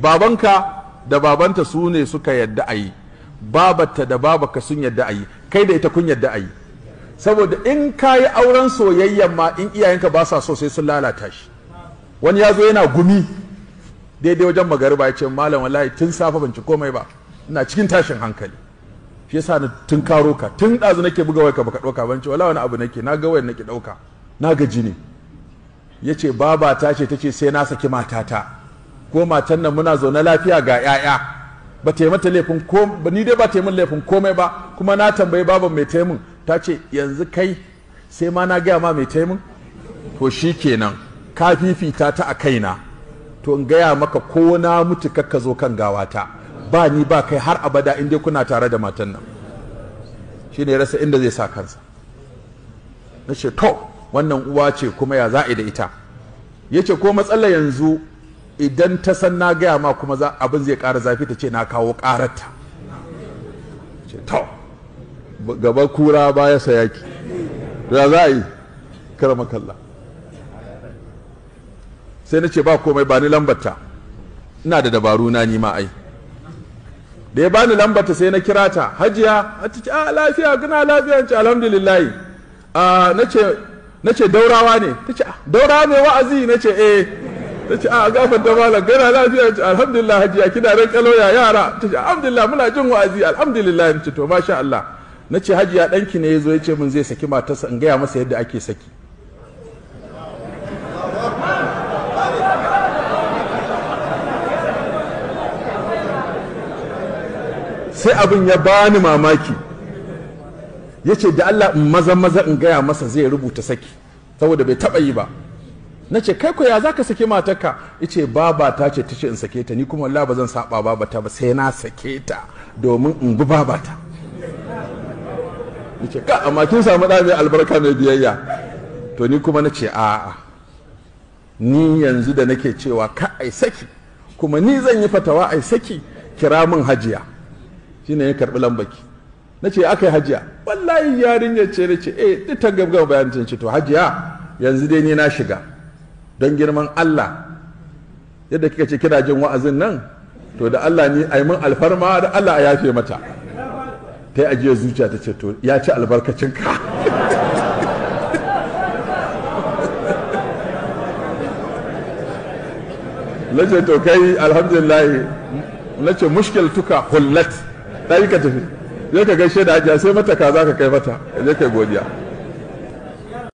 babanka da babanta su ne suka yadda a yi babata da babaka sun yadda a yi kai da ita kun yadda a yi saboda in ka yi auren soyayyan ma in iyayenka ba sa so sai sun lalata shi wani ya zo yana gumi daidai wajen magariba ya ce malam wallahi tun safa ban ci komai ba ina cikin tashin hankali shi yasa ni tun karo ka tun ɗazu nake buga ka baka ɗauka ban ce wallahi wani abu nake na ga wai nake ɗauka na gaji ne ya ce ta ce ta sai na saki matata ko matan nan muna zaune lafiya ga 'ya'ya ba ta yi mata laifin komai ni dai ba ta yi laifin komai ba kuma na tambayi baban mai taimun ta ce yanzu kai sai ma na gaya ma mai taimun to shi kenan ka fifita ta a kaina to in gaya maka ko na mutu kakka zo kan gawata ba ni ba kai har abada in dai kuna tare da matan nan shi ne rasa inda zai sa kansa na ce to wannan uwa ce kuma ya za'i da ita yace ko matsala yanzu idan ta san na gaya ma kuma za abin zai ƙara zafi ta ce na kawo ƙararta ce to gaba kura baya sayaki da za a yi karama kalla sai na ce ba komai ba ni lambata ina da dabaru na ni ma ai da ya bani lambata sai na kira ta hajiya a ce a ah, lafiya gina lafiya ce alhamdulillahi ah, na ce daurawa ne ta ce ah, daurawa ne wa'azi na ce eh ta ce a ah, gafar ta malam na lafiya ce alhamdulillah hajiya kina ran kalo ya yara ta ce alhamdulillah muna jin wa'azi alhamdulillah ce to masha Allah na ce hajiya ɗanki ne ya zo ya ce min zai saki matarsa in gaya masa yadda ake saki sai abin ya bani mamaki ya ce da Allah in maza maza in gaya masa zai rubuta saki saboda bai taɓa yi ba na ce kai ko ya za ka sake matarka ice baba ta ce ta ce in sake ta ni kuma wallahi ba zan saba baba ta ba sai na sake ta domin in bi baba ta ce ka amma kin samu da mai albarka mai biyayya to ni kuma na a a'a ni yanzu da nake cewa ka ai saki kuma ni zan yi fatawa ai saki kira min hajiya shine ya karbi lambaki na ce aka yi hajiya wallahi yarinyar ce na ce eh duk ta gabgaba bayan ce to hajiya yanzu dai ni na shiga don girman Allah yadda kika ce kira jin wa'azin nan to da Allah ni ai mun alfarma da Allah a yafe mata ta yi ajiyar zuciya ta ce to ya ci albarkacinka na ce to kai alhamdulillah na ce mushkil tuka hullat ta yi ka tafi zai ka gaishe da ajiya sai mata ka za ka kai mata zai kai godiya